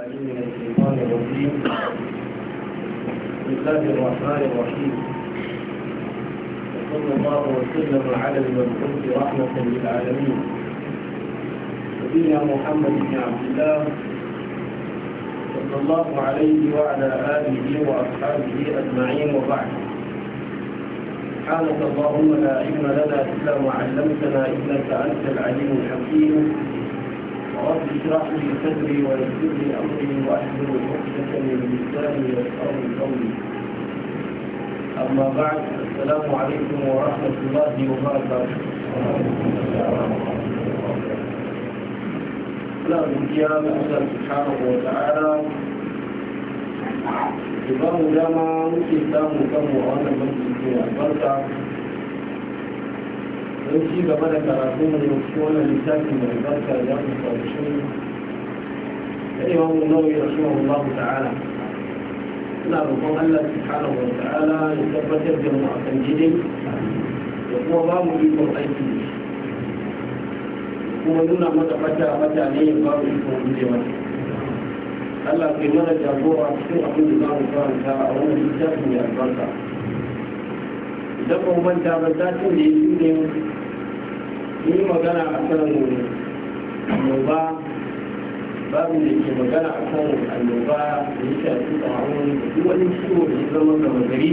العليم الله وسلم على المبعوث رحمة للعالمين نبينا محمد بن عبد الله صلى الله عليه وعلى آله وأصحابه أجمعين وبعد سبحانك اللهم لا علم لنا إلا ما علمتنا إنك أنت العليم الحكيم رب اشرح لي صدري ويسر لي امري واحلل عقدة من لساني يفقهوا قولي اما بعد السلام عليكم ورحمه الله وبركاته لا godiya ga Allah subhanahu wa ta'ala da ba mu dama muke samu don ci gaba da karatu mai yauki wannan littafin da albarka da mu karshe da imam nawawi rahimahullahu ta'ala ina roƙon Allah subhanahu wa ta'ala ya tabbatar da mu akan daidai da kuma ba mu ikon aiki kuma nuna mata fata mutane ya ba mu ikon gujewa Allah ke mana jagora cikin abin da za mu karanta a wannan littafin da albarka idan ban manta ba satin da ya ne yi magana a kan annoba babu da ke magana a kan annoba da ya shafi tsaron duk wani ciwo da ya zama gama gari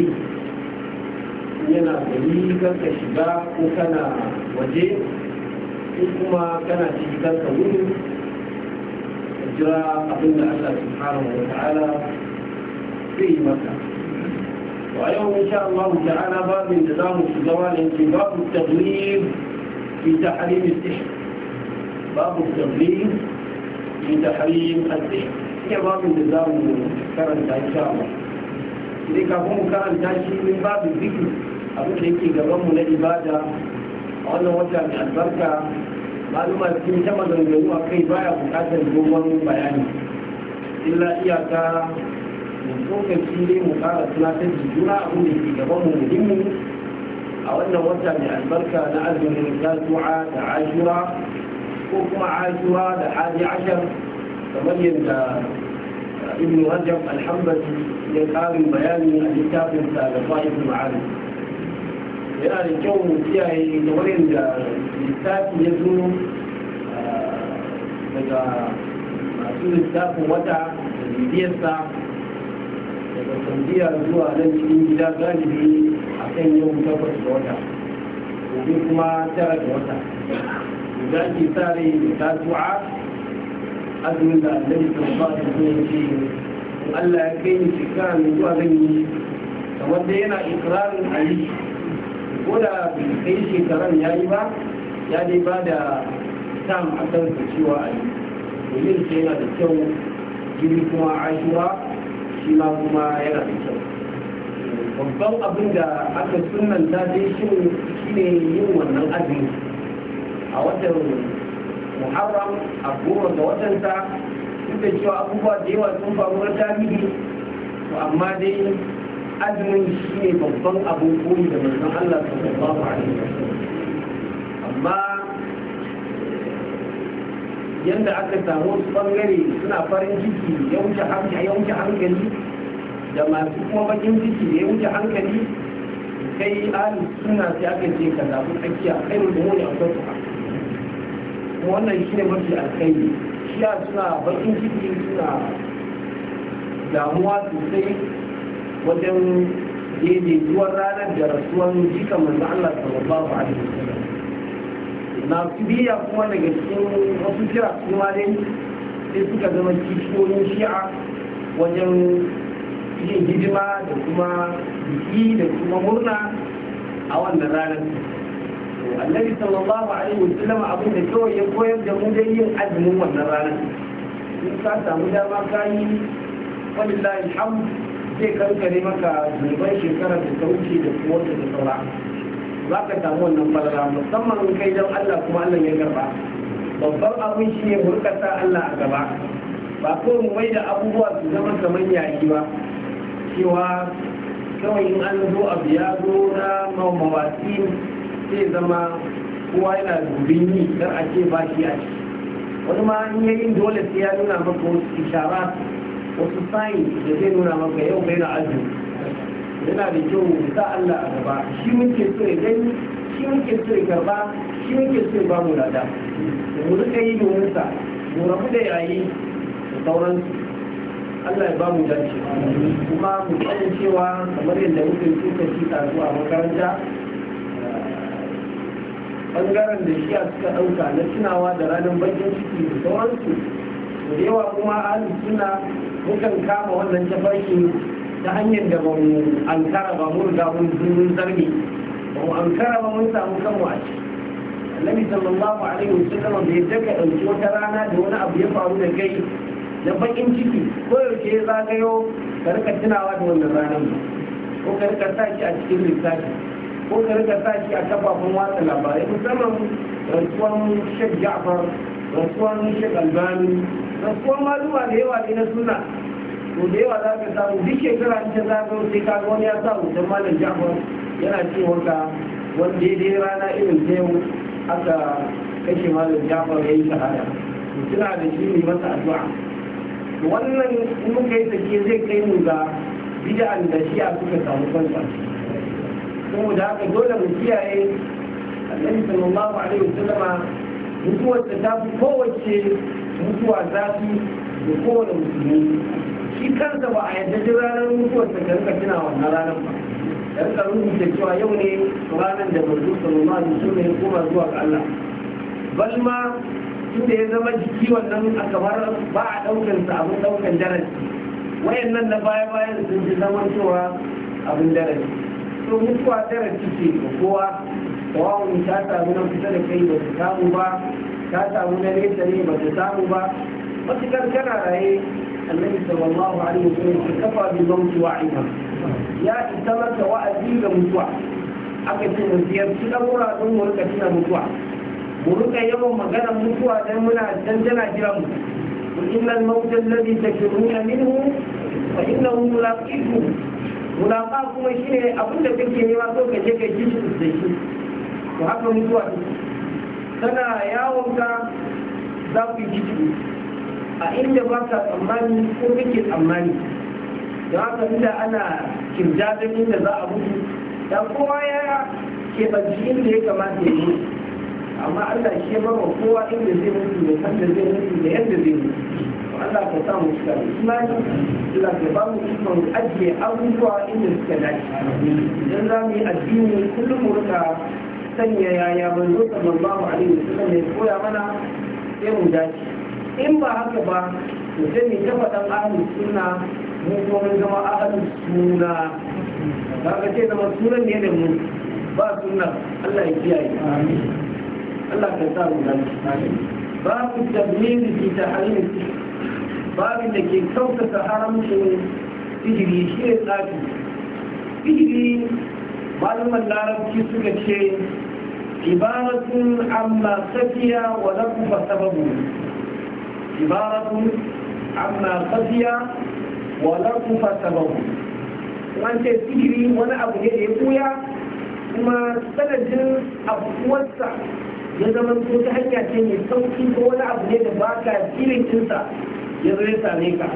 yana gari ka shiga ko kana waje ko kuma kana ciki kanka gudu jira abin da Allah subhanahu wa ta'ala zai yi maka wa yau insha Allah ta'ala babin da za mu shiga wani babu taglib في تحريم السحر باب التبليغ في تحريم السحر هي باب النظام كرنتا إن إذا كان كرنتا شيء من باب الذكر abin da yake gabanmu na ibada a wannan wata mai albarka maluma sun ta maganganu a kai baya bukatar dogon bayani illa iyaka mu tsokaci ne mu kara tunatar da juna abin ke gabanmu muhimmi a wannan wata mai albarka na azumin tasu'a da ashura ko kuma ashura da hadi ashar kamar yadda ibn rajab alhambali ya karin bayani a littafin sa da fa'idul ma'arif yana da kyau mu kiyaye da wurin da littafi ya zo ah, daga masu littafin wata da bibiyarsa daga tambiya zuwa nan cikin gida galibi a kan yau takwas da wata gobe kuma tara da wata za ki sare da tasu'a azumin da annabi sallallahu alaihi wasallam ya ce Allah ya kai ni shekara mai zuwa zan yi kamar dai yana ikrarin ali ko da bai kai shekaran ya yi ba ya dai ba da tam a kansa cewa ali domin sai yana da kyau jiri kuma ashura shi ma kuma yana da kyau babban abin da aka sunan da dai shi ne yin wannan azumi a watan muharram a goma ga watan ta duk cewa abubuwa da yawa sun faru na tarihi to amma dai azumin shi ne babban abin koyi da manzon Allah sallallahu alaihi wasallam yadda aka samu wasu bangare suna farin ciki ya wuce hankali da masu kuma bakin ciki da ya wuce hankali kai ali suna sai aka ce ka zaɓi tsakiya kai da wani a kwasu kuma wannan shi ne mafi alkhairi shi suna bakin ciki suna damuwa sosai wajen daidaituwar ranar da rasuwan jikan manzo Allah sallallahu alaihi wasallam na biya kuma daga cikin wasu kira kuma dai sai suka zama cikin shi'a wajen yin hidima da kuma biki da kuma murna a wannan ranar annabi sallallahu alaihi wasallam abin da kawai ya koyar da mu dai yin azumin wannan ranar in ka samu dama ka yi walillahi alhamd zai karkare maka zunuban shekarar da ta wuce da kuma wata da saura za ka samu wannan falala musamman in kai don Allah kuma Allah ya karba babban abin shi ne burkata Allah a gaba ba ko mu mai da abubuwa su zama kamar yayi ba cewa kawai in an zo abu ya zo na mawawatsi sai zama kowa yana dubin yi don a ce ba shi a ciki wani ma in yin dole sai ya nuna maka wasu ishara wasu sayin da zai nuna maka yau bai na azumi yana da kyau da Allah a gaba shi muke so ya gani shi muke so ya karba shi muke so ya ba mu lada mu rika yi domin sa mu rabu da yayi da sauransu Allah ya ba mu dace kuma mu tsaye cewa kamar yadda muke suka ci zuwa makaranta bangaren eh, da shi a suka ɗauka na tunawa da ranar bakin ciki da sauransu da yawa kuma a suna mukan kama wannan tafarki ta hanyar da ba mu an kara ba mun ga mun sun zargi ba mu an ba mun samu kanmu a ciki annabi sallallahu alaihi wasallam ya daga dauki wata rana da wani abu ya faru da kai da bakin ciki ko yake ya zagayo ka rika tunawa da wannan ranar ko ka rika sa shi a cikin lissafi ko ka rika sa a kafafun watsa labarai musamman rantsuwan shek ja'far rantsuwan shek albani rantsuwan maluwa da yawa ne na suna to da yawa za ka samu duk shekara ta zagaro sai ka wani ya samu hoton malam jafar yana cewa ka wani daidai rana irin ta yau aka kashe malam jafar ya yi shahada suna da shi ne masa addu'a wannan in muka yi sake zai kai mu ga bid'an da shi a suka samu kansa saboda haka dole mu kiyaye annabi sallallahu alaihi wasallam mutuwar ta fi kowace mutuwa zafi da kowane musulmi shi kansa ba a yadda duk ranar mutuwar ta karka tuna wannan ranar ba dan karun da cewa yau ne ranar da manzo sallallahu alaihi wasallam ya koma zuwa ga Allah bal ma tunda ya zama jiki wannan a kamar ba a daukar sa abin daukar darasi wayannan na baya bayan sun ji zaman cewa abin darasi to mutuwa darasi ce ga kowa tawawun ta samu na kusa da kai ba ta samu ba ta samu na nesa ne ba ta samu ba matukar kana raye annabi sallallahu alaihi wasallam ka kafa bi mauti wa'ika ya isa maka wa'azi ga mutuwa aka ce mu ziyarci lamura don mu rika tuna mutuwa mu rika yawan magana mutuwa dan muna dan tana jira mu إن الموت الذي تفرون منه فإنه ملاقيكم mulaƙa kuma shi ne abin da kake nema so ka je ka ji shi da shi to haka mutuwa tana yawon ka za ku yi a inda ba ka tsammani ko kake tsammani da haka inda ana kirjadin inda za a mutu da kowa ya keɓanci inda ya kamata ya mutu amma Allah shi ya bawa kowa inda zai mutu da sanda zai mutu da yadda zai mutu Allah ka sa mu shiga imani Allah ka ba mu ikon ajiye abubuwa inda suka dace idan za mu yi addini kullum mu rika sanya yaya manzo sallallahu alaihi wasallam ya koya mana sai mu dace in ba haka ba mutum ne ta faɗan ahalin suna mu kuma mun zama ahalin suna ba ka ce zama sunan ne da mu ba suna, Allah ya kiyaye Allah ka sa mu nan babu tabliri ki Ba babin da ke kautata haramcin sihiri shi ne tsafi sihiri malaman larabci suka ce ibaratun amma safiya wa ba sababu ibaratun amma khasiya wa lakum fasabahu an ce wani abu ne da ya koya kuma sanadin abuwarsa ya zama ko ta hanya ce mai sauki ko wani abu ne da ba ka filin ɗinsa ya zo ya same ka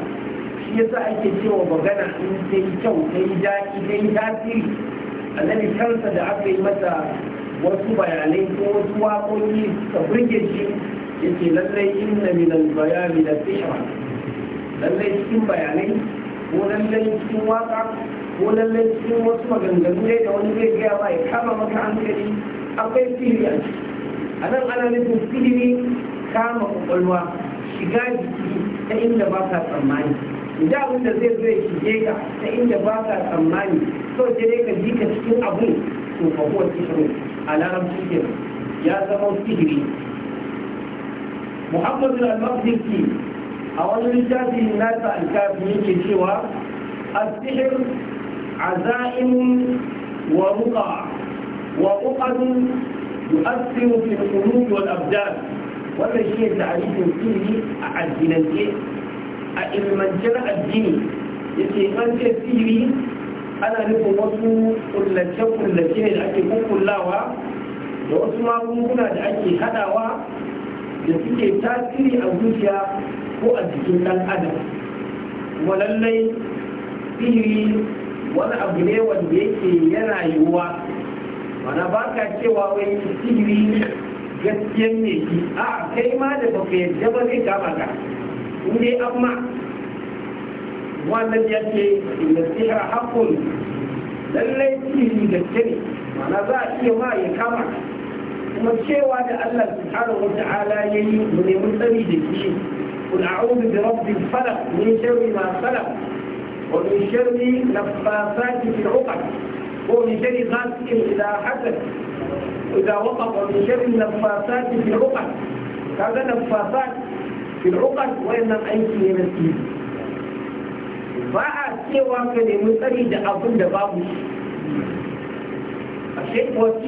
shi yasa ake cewa magana in ta yi kyau ta yi daɗi ta yi da aka yi mata wasu bayanai ko wasu waƙoƙi ka burge shi yake lallai inna min al-bayani da sihra lallai cikin bayanai ko lallai cikin waka ko lallai cikin wasu maganganu dai da wani zai gaya ba ya kama maka hankali akwai sihiri a ciki a nan ana nufin sihiri kama kwakwalwa shiga jiki ta inda ba ka tsammani da abin da zai zo ya shige ka ta inda ba ka tsammani sau sai dai ka ji ka cikin abu to fa huwa sihiri a larabci ke ya zama sihiri muhammadu al-maqdisi a wani littafi nasa alkafi yake cewa asihir azaimun wa ruqa wa uqadun yu'assiru fi al-qulub wal abdan wannan shi ta'arifin sirri a addinance a ilmance na addini yace an ce sirri ana nufin wasu kullace-kullace ne da ake kukkullawa da wasu magunguna da ake hadawa da suke tasiri a zuciya ko a jikin ɗan adam kuma lallai sihiri wani abu ne wanda yake yana yiwuwa mana ba ka cewa wai sihiri gaskiyan ne shi a kai ma da baka yadda ba zai kama ka in dai amma wannan ya ce inda sihira hakun lallai sihiri gaske ne mana za a iya ma ya kama ka kuma cewa da Allah subhanahu wa ta'ala ya yi mu ne mun sani da shi kul a'udhu bi rabbil falaq min sharri ma khalaq wa min sharri naffasati fil 'uqad wa min sharri ghasikin idha hasad idha waqa'a wa min sharri naffasati fil 'uqad kaga naffasati fil 'uqad wa inna aiki ne na ba a cewa ka nemi sani da abin da babu shi a shekwa ci